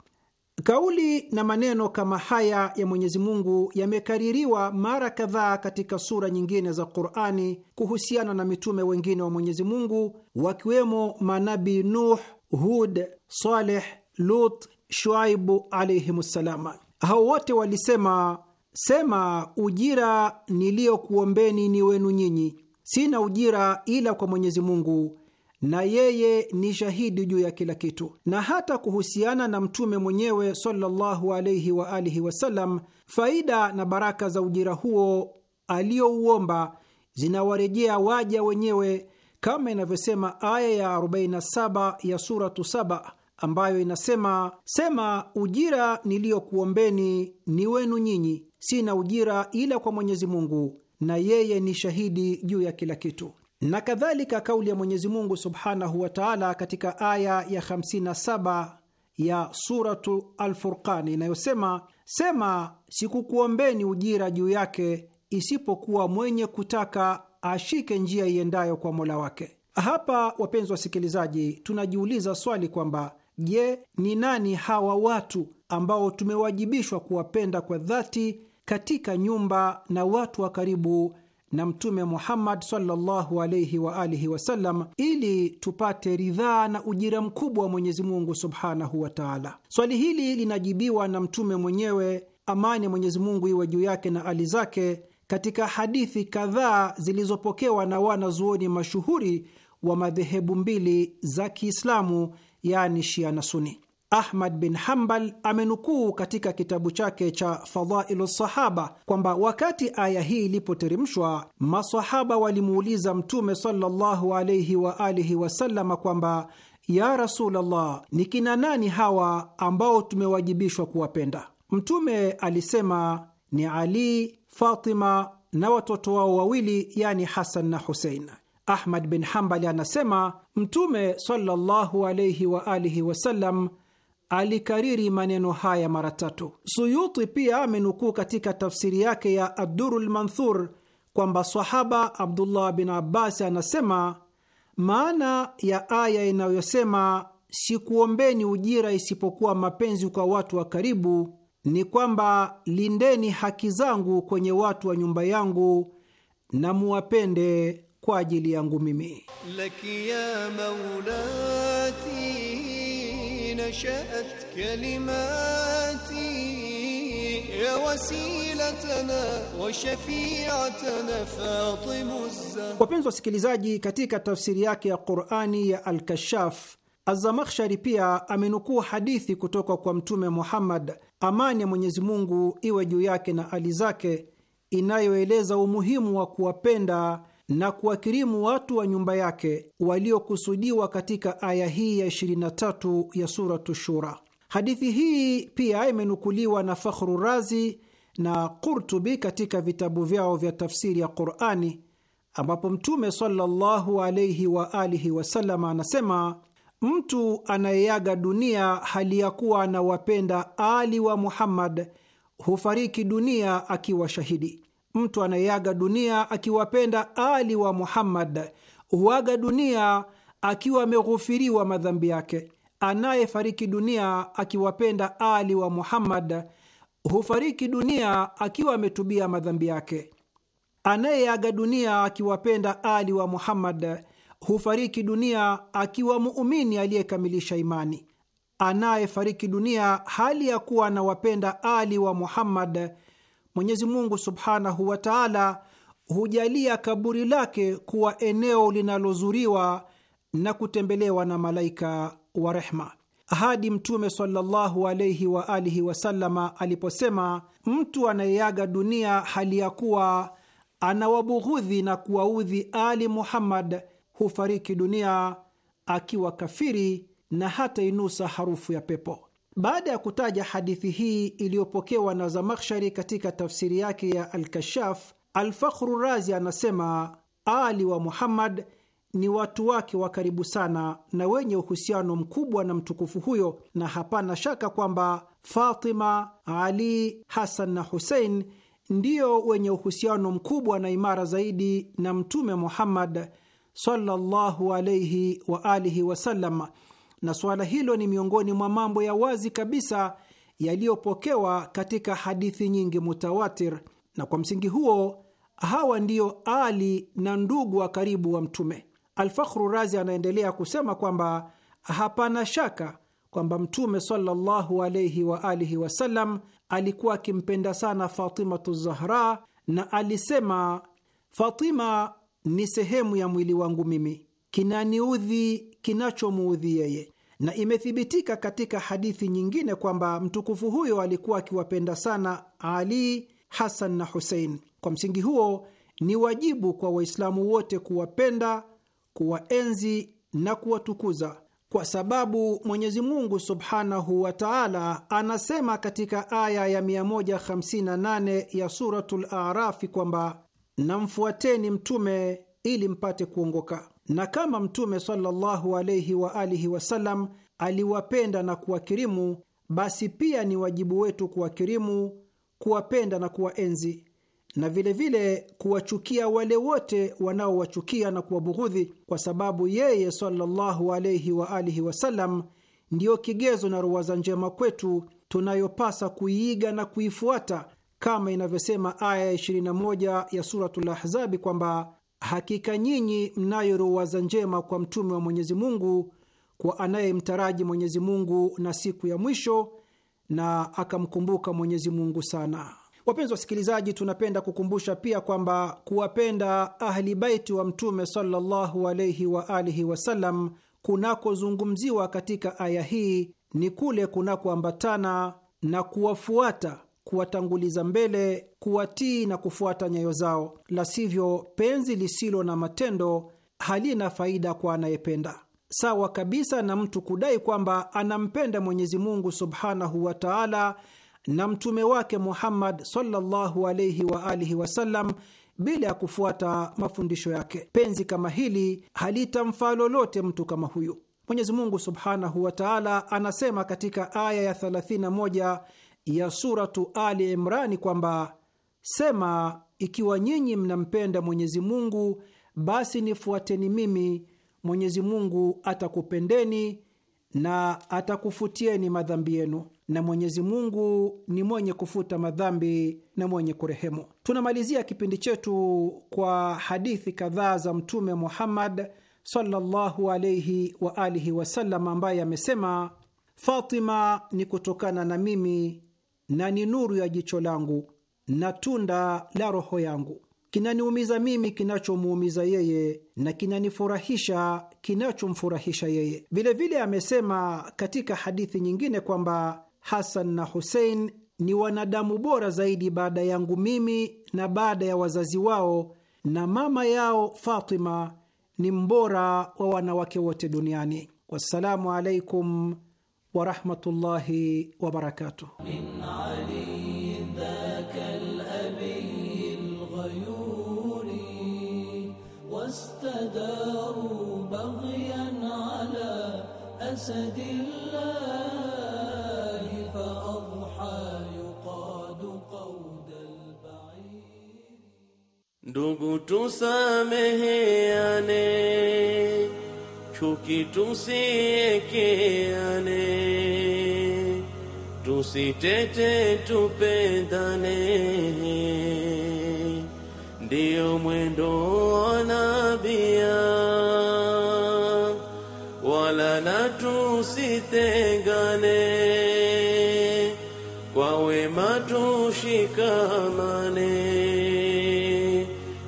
Speaker 4: Kauli na maneno kama haya ya Mwenyezi Mungu yamekaririwa mara kadhaa katika sura nyingine za Qurani kuhusiana na mitume wengine wa Mwenyezi Mungu, wakiwemo manabii Nuh, Hud, Saleh, Lut, Shuaibu alaihim ssalam. Hao wote walisema, sema ujira niliyokuombeni ni wenu nyinyi Sina ujira ila kwa Mwenyezi Mungu, na yeye ni shahidi juu ya kila kitu. Na hata kuhusiana na mtume mwenyewe sallallahu alaihi wa alihi wasallam, faida na baraka za ujira huo aliouomba zinawarejea waja wenyewe, kama inavyosema aya ya 47 ya Suratu Saba ambayo inasema: sema ujira niliyokuombeni ni wenu nyinyi, sina ujira ila kwa Mwenyezi Mungu na yeye ni shahidi juu ya kila kitu. Na kadhalika kauli ya Mwenyezi Mungu subhanahu wa taala katika aya ya 57 ya Suratu Alfurqani inayosema, sema sikukuombeni ujira juu yake isipokuwa mwenye kutaka ashike njia iendayo kwa mola wake. Hapa wapenzi wasikilizaji, tunajiuliza swali kwamba je, ni nani hawa watu ambao tumewajibishwa kuwapenda kwa dhati katika nyumba na watu wa karibu na Mtume Muhammad sallallahu wa alihi wasallam ili tupate ridhaa na ujira mkubwa wa Mwenyezi Mungu subhanahu wa taala. Swali hili linajibiwa na Mtume mwenyewe, amani ya Mwenyezi Mungu iwe juu yake na ali zake, katika hadithi kadhaa zilizopokewa na wanazuoni mashuhuri wa madhehebu mbili za Kiislamu, yaani Shia na Suni. Ahmad bin Hambal amenukuu katika kitabu chake cha Fadhailu Sahaba kwamba wakati aya hii ilipoteremshwa, masahaba walimuuliza Mtume sallallahu wa alihi wasallama kwamba ya Rasulullah, ni kina nani hawa ambao tumewajibishwa kuwapenda? Mtume alisema ni Ali, Fatima na watoto wao wawili, yani Hasan na Husein. Ahmad bin Hambali anasema Mtume sallallahu alaihi wa alihi wasallam alikariri maneno haya mara tatu. Suyuti pia amenukuu katika tafsiri yake ya Addurul Manthur kwamba sahaba Abdullah bin Abbas anasema maana ya aya inayosema sikuombeni ujira isipokuwa mapenzi kwa watu wa karibu ni kwamba lindeni haki zangu kwenye watu wa nyumba yangu na muwapende kwa ajili yangu mimi.
Speaker 5: maulati نشأت كلماتي يا wasilatana wa shafi'atana Fatimu
Speaker 4: Wapenzi wasikilizaji, katika tafsiri yake ya Qur'ani ya Al-Kashaf Azamakhshari pia amenukuu hadithi kutoka kwa Mtume Muhammad, amani ya Mwenyezi Mungu iwe juu yake na ali zake, inayoeleza umuhimu wa kuwapenda na kuwakirimu watu wa nyumba yake waliokusudiwa katika aya hii ya 23 ya suratu Shura. Hadithi hii pia imenukuliwa na Fakhru Razi na Kurtubi katika vitabu vyao vya tafsiri ya Qurani, ambapo Mtume sallallahu alaihi wa alihi anasema mtu anayeaga dunia hali ya kuwa anawapenda Ali wa Muhammad hufariki dunia akiwa shahidi. Mtu anayeaga dunia akiwapenda Ali wa Muhammad huaga dunia akiwa ameghufiriwa madhambi yake. Anayefariki dunia akiwapenda Ali wa Muhammad hufariki dunia akiwa ametubia madhambi yake. Anayeaga dunia akiwapenda Ali wa Muhammad hufariki dunia akiwa muumini aliyekamilisha imani. Anayefariki dunia hali ya kuwa anawapenda Ali wa Muhammad Mwenyezi Mungu subhanahu wa taala hujalia kaburi lake kuwa eneo linalozuriwa na kutembelewa na malaika wa rehma, hadi Mtume sallallahu alaihi wa alihi wasallama aliposema, mtu anayeaga dunia hali ya kuwa anawabughudhi na kuwaudhi Ali Muhammad hufariki dunia akiwa kafiri na hata inusa harufu ya pepo. Baada ya kutaja hadithi hii iliyopokewa na Zamakhshari katika tafsiri yake ya Alkashaf, Alfakhru Razi anasema Ali wa Muhammad ni watu wake wa karibu sana na wenye uhusiano mkubwa na mtukufu huyo, na hapana shaka kwamba Fatima, Ali, Hasan na Husein ndiyo wenye uhusiano mkubwa na imara zaidi na Mtume Muhammad sallallahu alaihi wa alihi wasallam na suala hilo ni miongoni mwa mambo ya wazi kabisa yaliyopokewa katika hadithi nyingi mutawatir, na kwa msingi huo hawa ndiyo ali na ndugu wa karibu wa Mtume. Alfakhru Razi anaendelea kusema kwamba hapana shaka kwamba Mtume sallallahu alayhi wa alihi wasallam alikuwa akimpenda sana Fatimatu Zahra, na alisema, Fatima ni sehemu ya mwili wangu mimi, kinaniudhi kinachomuudhi yeye. Na imethibitika katika hadithi nyingine kwamba mtukufu huyo alikuwa akiwapenda sana Ali, Hasan na Husein. Kwa msingi huo, ni wajibu kwa Waislamu wote kuwapenda, kuwaenzi na kuwatukuza kwa sababu Mwenyezi Mungu subhanahu wa taala anasema katika aya ya 158 ya Suratul Arafi kwamba namfuateni Mtume ili mpate kuongoka na kama Mtume sallallahu alaihi wa alihi wasallam aliwapenda na kuwakirimu, basi pia ni wajibu wetu kuwakirimu, kuwapenda na kuwaenzi na vilevile kuwachukia wale wote wanaowachukia na kuwabughudhi, kwa sababu yeye sallallahu alaihi wa alihi wasallam ndiyo kigezo na ruwaza njema kwetu tunayopasa kuiiga na kuifuata, kama inavyosema aya 21 ya Suratul Ahzabi kwamba hakika nyinyi mnayo ruwaza njema kwa mtume wa Mwenyezi Mungu, kwa anayemtaraji Mwenyezi Mungu na siku ya mwisho na akamkumbuka Mwenyezi Mungu sana. Wapenzi wasikilizaji, tunapenda kukumbusha pia kwamba kuwapenda Ahli Baiti wa Mtume sallallahu alaihi wa alihi wasallam kunakozungumziwa katika aya hii ni kule kunakoambatana na kuwafuata kuwatanguliza mbele, kuwatii na kufuata nyayo zao, la sivyo penzi lisilo na matendo halina faida kwa anayependa. Sawa kabisa na mtu kudai kwamba anampenda Mwenyezi Mungu subhanahu wa taala na mtume wake Muhammad sallallahu alaihi wa alihi wasallam bila ya kufuata mafundisho yake. Penzi kama hili halitamfaa lolote mtu kama huyu. Mwenyezi Mungu subhanahu wa taala anasema katika aya ya 31 ya Suratu Ali Imrani kwamba sema, ikiwa nyinyi mnampenda Mwenyezi Mungu basi nifuateni mimi, Mwenyezi Mungu atakupendeni na atakufutieni madhambi yenu, na Mwenyezi Mungu ni mwenye kufuta madhambi na mwenye kurehemu. Tunamalizia kipindi chetu kwa hadithi kadhaa za Mtume Muhammad sallallahu wa alihi wasallam, ambaye amesema, Fatima ni kutokana na mimi na ni nuru ya jicho langu na tunda la roho yangu. Kinaniumiza mimi kinachomuumiza yeye, na kinanifurahisha kinachomfurahisha yeye. Vilevile amesema katika hadithi nyingine kwamba Hasan na Husein ni wanadamu bora zaidi baada yangu mimi na baada ya wazazi wao, na mama yao Fatima ni mbora wa wanawake wote duniani. Wassalamu alaikum warahmatullahi wabarakatuh.
Speaker 5: أسد الله فأضحى يقاد قود البعير
Speaker 6: ndugu tusameheane, chuki tusiekeane, tusitete tupendane, ndiyo mwendo wa nabia na tusitengane, kwa wema tushikamane,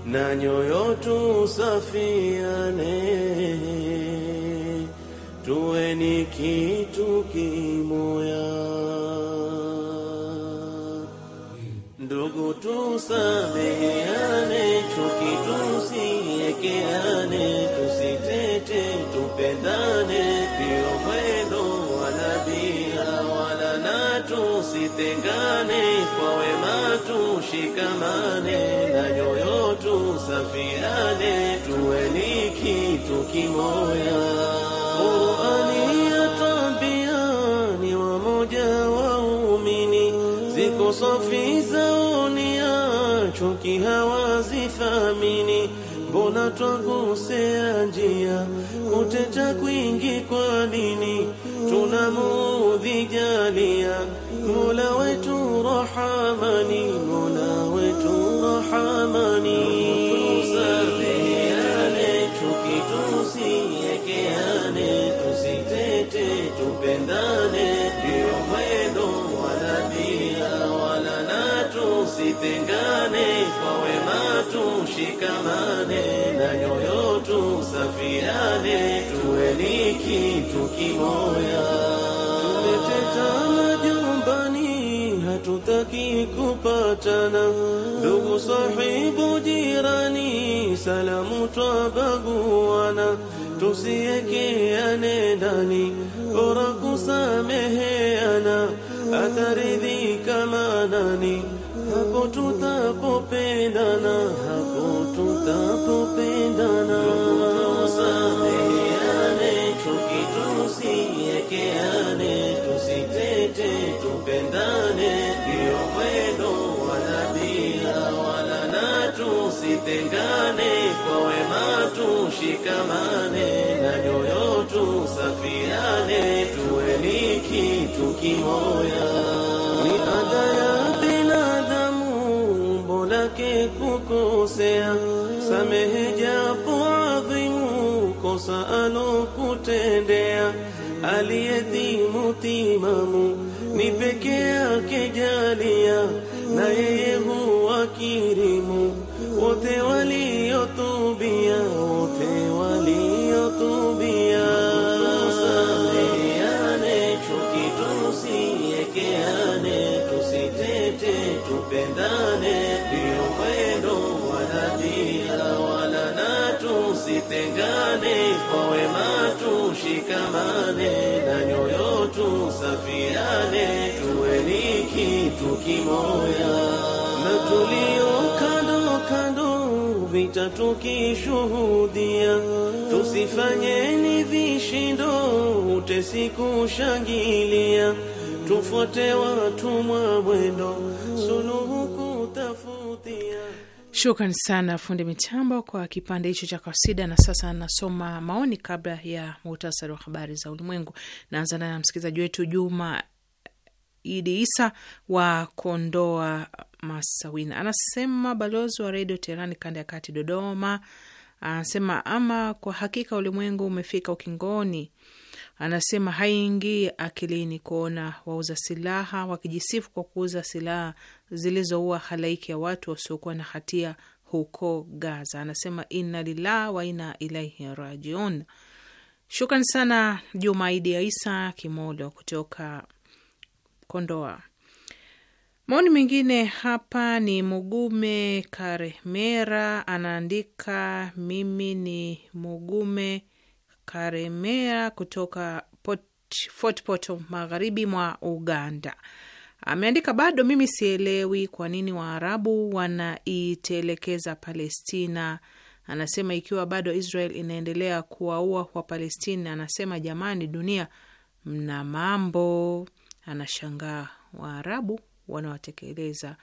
Speaker 6: na nyoyo tusafiane, tuwe ni kitu kimoya. Ndugu tusameheane, chuki tusiekeane, tusitete, tupendane tutengane kwa wema tushikamane, na nyoyo tusafiane, tuwe ni kitu kimoya. Qurani yatwambia ni wamoja waumini, ziko safi za chuki hawazithamini mbona twagusea njia, kutecha kwingi kwa nini? صرت نموذجا لي ملوت رحمني ملوت tusafiane, tuweni kitu kimoya, na tulio kando kando, vita tukishuhudia, tusifanyeni vishindo, utesi kushangilia, tufuate watumwa mwendo suluhu
Speaker 1: Shukran sana fundi mitambo kwa kipande hicho cha kasida. Na sasa nasoma maoni kabla ya muhtasari wa habari za ulimwengu. Naanza na msikilizaji wetu Juma Idi Isa wa Kondoa Masawina, anasema balozi wa redio Teherani kanda ya kati Dodoma anasema ama kwa hakika ulimwengu umefika ukingoni anasema haiingii akilini kuona wauza silaha wakijisifu kwa kuuza silaha zilizoua halaiki ya watu wasiokuwa na hatia huko Gaza. Anasema inna lillahi wa inna ilaihi rajiun. Shukran sana Jumaidi ya Isa Kimolo kutoka Kondoa. Maoni mengine hapa ni Mugume Karemera anaandika, mimi ni Mugume Karemera kutoka Port, Fort Poto magharibi mwa Uganda ameandika bado mimi sielewi kwa nini Waarabu wanaitelekeza Palestina. Anasema ikiwa bado Israel inaendelea kuwaua Palestina, anasema jamani, dunia mna mambo. Anashangaa Waarabu wanawatekeleza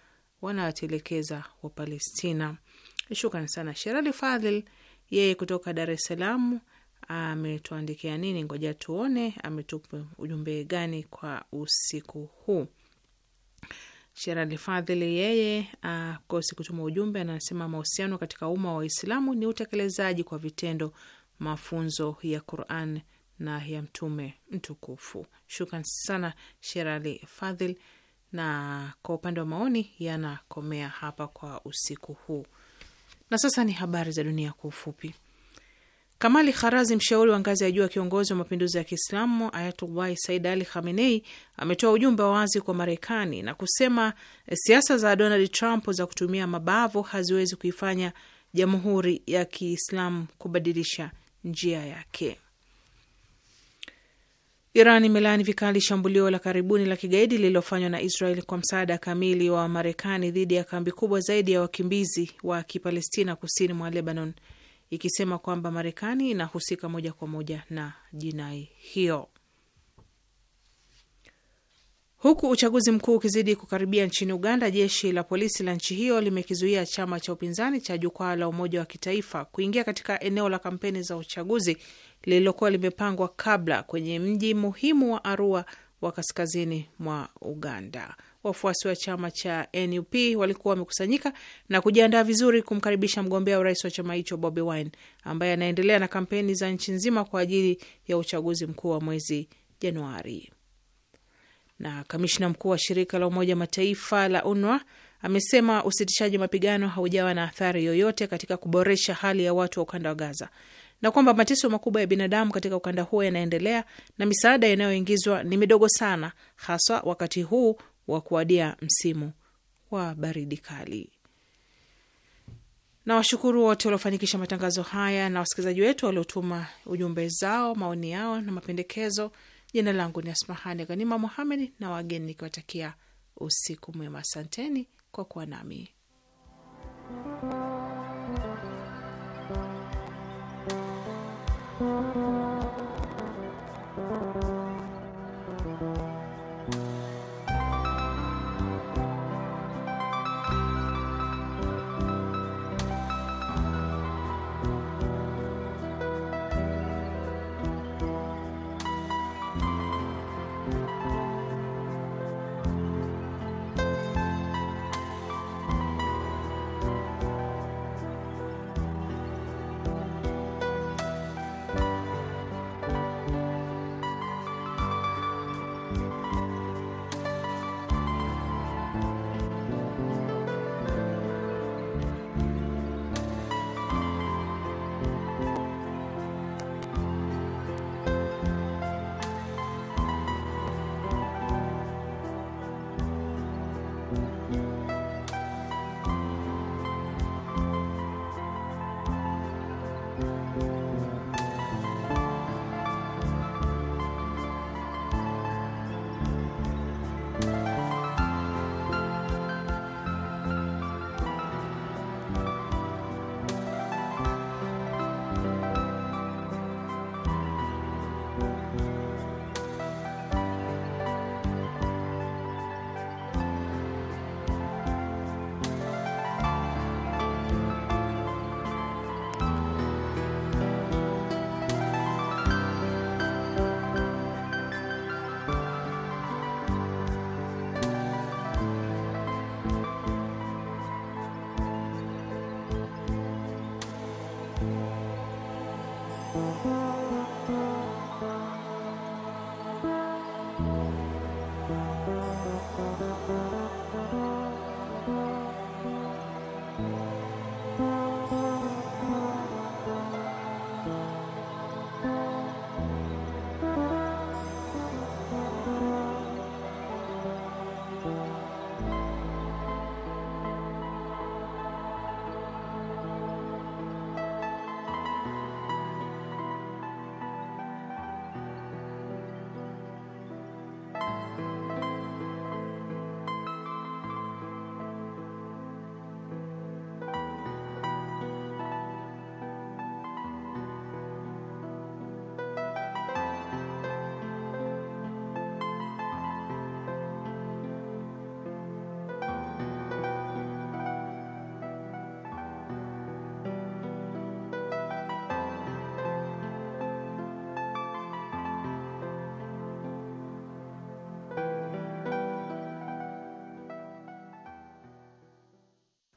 Speaker 1: wanawatelekeza Wapalestina. Shukran sana Sherali Fadhil, yeye kutoka Dar es Salaam ametuandikia nini. Ngoja tuone ametupa ujumbe gani kwa usiku huu. Sherali Fadhili yeye akosi ah, kutuma ujumbe, anasema mahusiano katika umma wa Waislamu ni utekelezaji kwa vitendo mafunzo ya Quran na ya Mtume mtukufu. Shukran sana Sherali Fadhil, na kwa upande wa maoni yanakomea hapa kwa usiku huu, na sasa ni habari za dunia kwa ufupi. Kamali Kharazi, mshauri wa ngazi ya juu wa kiongozi wa mapinduzi ya Kiislamu Ayatullahi Said Ali Khamenei, ametoa ujumbe wa wazi kwa Marekani na kusema eh, siasa za Donald Trump za kutumia mabavu haziwezi kuifanya jamhuri ya Kiislamu kubadilisha njia yake. Iran imelaani vikali shambulio la karibuni la kigaidi lililofanywa na Israel kwa msaada kamili wa Marekani dhidi ya kambi kubwa zaidi ya wakimbizi wa Kipalestina kusini mwa Lebanon ikisema kwamba Marekani inahusika moja kwa moja na jinai hiyo. Huku uchaguzi mkuu ukizidi kukaribia nchini Uganda, jeshi la polisi la nchi hiyo limekizuia chama cha upinzani cha Jukwaa la Umoja wa Kitaifa kuingia katika eneo la kampeni za uchaguzi lililokuwa limepangwa kabla kwenye mji muhimu wa Arua wa kaskazini mwa Uganda wafuasi wa chama cha NUP walikuwa wamekusanyika na kujiandaa vizuri kumkaribisha mgombea urais wa chama hicho Bobi Wine ambaye anaendelea na kampeni za nchi nzima kwa ajili ya uchaguzi mkuu wa mwezi Januari. Na kamishna mkuu wa shirika la Umoja Mataifa la UNWA amesema usitishaji mapigano haujawa na athari yoyote katika kuboresha hali ya watu wa ukanda wa Gaza na kwamba mateso makubwa ya binadamu katika ukanda huo yanaendelea na misaada inayoingizwa ni midogo sana, haswa wakati huu wa kuadia msimu wa baridi kali. Na washukuru wote waliofanikisha matangazo haya na wasikilizaji wetu waliotuma ujumbe zao, maoni yao na mapendekezo. Jina langu ni Asmahani Ghanima Muhamed na wageni nikiwatakia usiku mwema. Asanteni kwa kuwa nami.